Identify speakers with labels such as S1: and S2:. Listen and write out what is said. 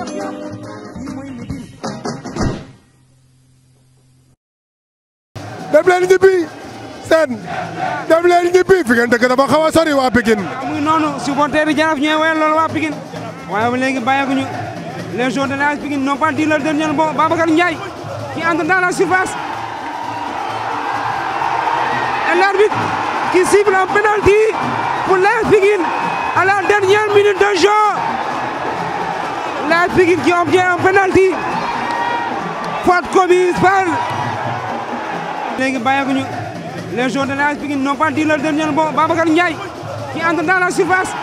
S1: jox yoon lii mooy Médine. dem leen
S2: ñibbi seen dem ñibbi fi ngeen dëkk dafa a sori waa Pikine. muy noonu supporter yi jaraaf ñooy loolu waa Pikine waaye ba léegi bàyyeekuñu les joueurs de l'AS Pikine n'ont pas dit leur dernier mot Babacar Ndiaye la surface et l'arbitre qui siffle un penalty pour l'AS Pikine à la dernière AS Pikine qui obtient un penalty faute commise par léegi bàyyeekuñu les joueurs de l'AS Pikine n'ont pas dit leur dernier mot Babacar Ndiaye qui entre dans la surface